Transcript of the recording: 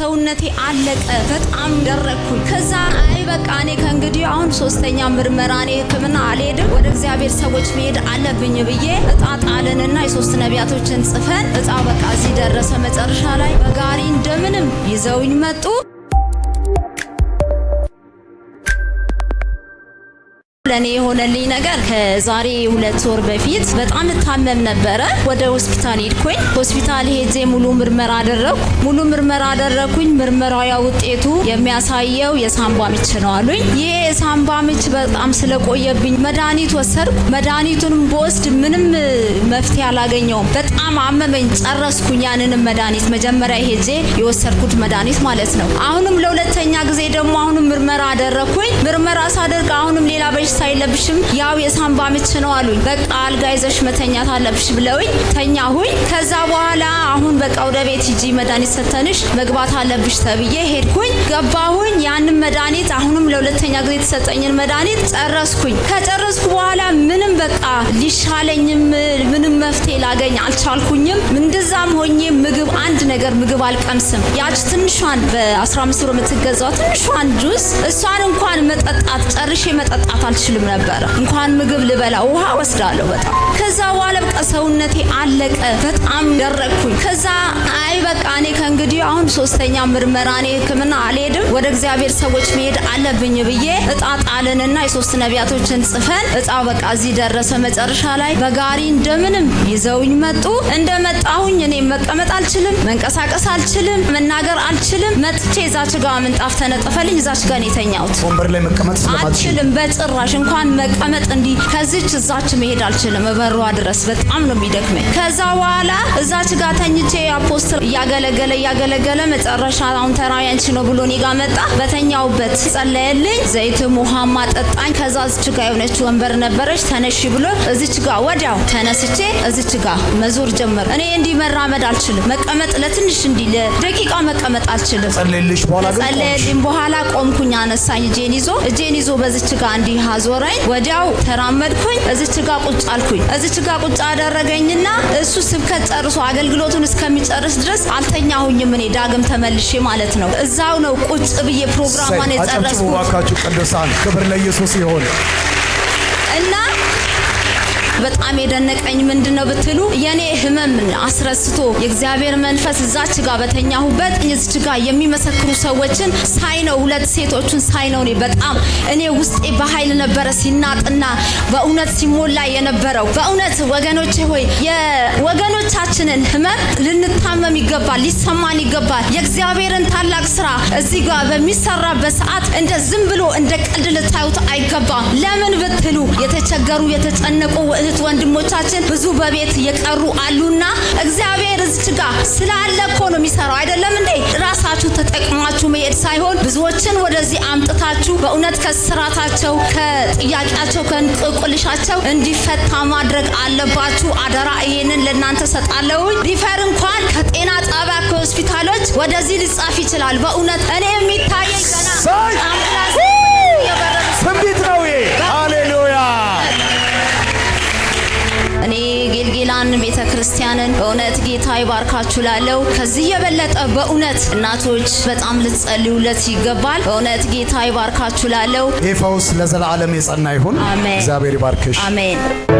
ሰውነቴ አለቀ፣ በጣም ደረግኩኝ። ከዛ አይ በቃ እኔ ከእንግዲህ አሁን ሶስተኛ ምርመራ እኔ ሕክምና አልሄድም ወደ እግዚአብሔር ሰዎች መሄድ አለብኝ ብዬ እጣ ጣልንና የሶስት ነቢያቶችን ጽፈን እጣ በቃ እዚህ ደረሰ። መጨረሻ ላይ በጋሪ እንደምንም ይዘውኝ መጡ። ለእኔ የሆነልኝ ነገር ከዛሬ ሁለት ወር በፊት በጣም እታመም ነበረ። ወደ ሆስፒታል ሄድኩኝ። ሆስፒታል ሄጄ ሙሉ ምርመራ አደረግኩ። ሙሉ ምርመራ አደረግኩኝ። ምርመራዊ ውጤቱ የሚያሳየው የሳምባ ምች ነው አሉኝ። ይሄ የሳምባ ምች በጣም ስለቆየብኝ መድኃኒት ወሰድኩ። መድኃኒቱንም በወስድ ምንም መፍትሄ አላገኘውም። በጣም አመመኝ። ጨረስኩኝ ያንንም መድኃኒት መጀመሪያ ሄጄ የወሰድኩት መድኃኒት ማለት ነው። አሁንም ለሁለተኛ ጊዜ ደግሞ አሁንም ምርመራ አደረግኩኝ። ምርመራ ሳደርግ አሁንም ሌላ በሽታ አይለብሽም፣ ያው የሳምባ ምች ነው አሉኝ። በቃ አልጋ ይዘሽ መተኛት አለብሽ ብለውኝ ተኛሁኝ። ከዛ በኋላ አሁን በቃ ወደ ቤት ሂጂ መድኃኒት ሰተንሽ መግባት አለብሽ ተብዬ ሄድኩኝ። ገባሁኝ። ያንን መድኃኒት አሁንም ለሁለተኛ ጊዜ የተሰጠኝን መድኃኒት ጨረስኩኝ። ከጨረስኩ በኋላ ምንም በቃ ሊሻለኝም ምንም መፍትሄ ላገኝ አልቻልኩኝም። እንደዛም ሆኜ ምግብ አንድ ነገር ምግብ አልቀምስም። ያች ትንሿን በ15 ብር የምትገዛው ትንሿን ጁስ እሷን እንኳን መጠጣት ጨርሼ መጠጣት አልችልም። አልችልም ነበረ። እንኳን ምግብ ልበላ ውሃ ወስዳለሁ በጣም ከዛ በኋላ በቃ ሰውነቴ አለቀ። በጣም ደረቅኩኝ። ከዛ አሁን ሶስተኛ ምርመራ እኔ ሕክምና አልሄድም ወደ እግዚአብሔር ሰዎች መሄድ አለብኝ ብዬ እጣ ጣልንና የሶስት ነቢያቶችን ጽፈን እጣ በቃ እዚህ ደረሰ። መጨረሻ ላይ በጋሪ እንደምንም ይዘውኝ መጡ። እንደመጣሁኝ እኔ መቀመጥ አልችልም፣ መንቀሳቀስ አልችልም፣ መናገር አልችልም። መጥቼ እዛች ጋ ምንጣፍ ተነጠፈልኝ። እዛች ጋ ነው የተኛሁት። ወንበር ላይ መቀመጥ አልችልም በጭራሽ። እንኳን መቀመጥ እንዲህ ከዚች እዛች መሄድ አልችልም። እበሯ ድረስ በጣም ነው የሚደክመኝ። ከዛ በኋላ እዛች ጋ ተኝቼ አፖስትል እያገለገለ እያገለ እያገለገለ መጨረሻ አሁን ተራዊ አንቺ ነው ብሎ እኔ ጋር መጣ። በተኛውበት ጸለየልኝ፣ ዘይት ውሃም ጠጣኝ። ከዛ እዚች ጋ የሆነች ወንበር ነበረች፣ ተነሺ ብሎ እዚች ጋ ወዲያው ተነስቼ እዚች ጋ መዞር ጀመር። እኔ እንዲህ መራመድ አልችልም፣ መቀመጥ ለትንሽ እንዲህ ለደቂቃ መቀመጥ አልችልም። ጸለየልሽ በኋላ ግን ጸለየልኝ በኋላ ቆምኩኝ፣ አነሳኝ፣ እጄን ይዞ እጄን ይዞ በዚች ጋ እንዲህ አዞረኝ። ወዲያው ተራመድኩኝ፣ እዚች ጋ ቁጭ አልኩኝ። እዚች ጋ ቁጭ አደረገኝና እሱ ስብከት ጨርሶ አገልግሎቱን እስከሚጨርስ ድረስ አልተኛሁኝም እኔ ዳግም ተመልሼ ማለት ነው። እዛው ነው ቁጭ ብዬ ፕሮግራሟን የጨረስኩት። አጨብጭቡ እባካችሁ ቅዱሳን። ክብር ለኢየሱስ ይሁን እና በጣም የደነቀኝ ምንድን ነው ብትሉ የኔ ህመም አስረስቶ የእግዚአብሔር መንፈስ እዛች ጋር በተኛሁበት እዚች ጋር የሚመሰክሩ ሰዎችን ሳይ ነው ሁለት ሴቶችን ሳይ ነው እኔ በጣም እኔ ውስጤ በኃይል ነበረ ሲናጥና በእውነት ሲሞላ የነበረው። በእውነት ወገኖቼ ሆይ የወገኖቻችንን ህመም ልንታመም ይገባል፣ ሊሰማን ይገባል። የእግዚአብሔርን ታላቅ ስራ እዚህ ጋር በሚሰራበት ሰዓት እንደ ዝም ብሎ እንደ ቀልድ ልታዩት አይገባም። ለምን ብትሉ የተቸገሩ የተጨነቁ እህት ወንድሞቻችን ብዙ በቤት የቀሩ አሉና እግዚአብሔር እዚች ጋ ስላለ እኮ ነው የሚሰራው። አይደለም እንዴ? ራሳችሁ ተጠቅማችሁ መሄድ ሳይሆን ብዙዎችን ወደዚህ አምጥታችሁ በእውነት ከስራታቸው ከጥያቄያቸው ከእንቆቅልሻቸው እንዲፈታ ማድረግ አለባችሁ። አደራ ይሄንን ለእናንተ ሰጣለሁኝ። ሪፈር እንኳን ከጤና ጣቢያ ከሆስፒታሎች ወደዚህ ሊጻፍ ይችላል። በእውነት እኔ የሚታየኝ ገና ይባርካችሁ ላለው ከዚህ የበለጠ በእውነት እናቶች በጣም ልትጸልዩለት ይገባል። በእውነት ጌታ ይባርካችሁ ላለው ይህ ፈውስ ለዘላለም የጸና ይሁን። እግዚአብሔር ይባርክሽ። አሜን።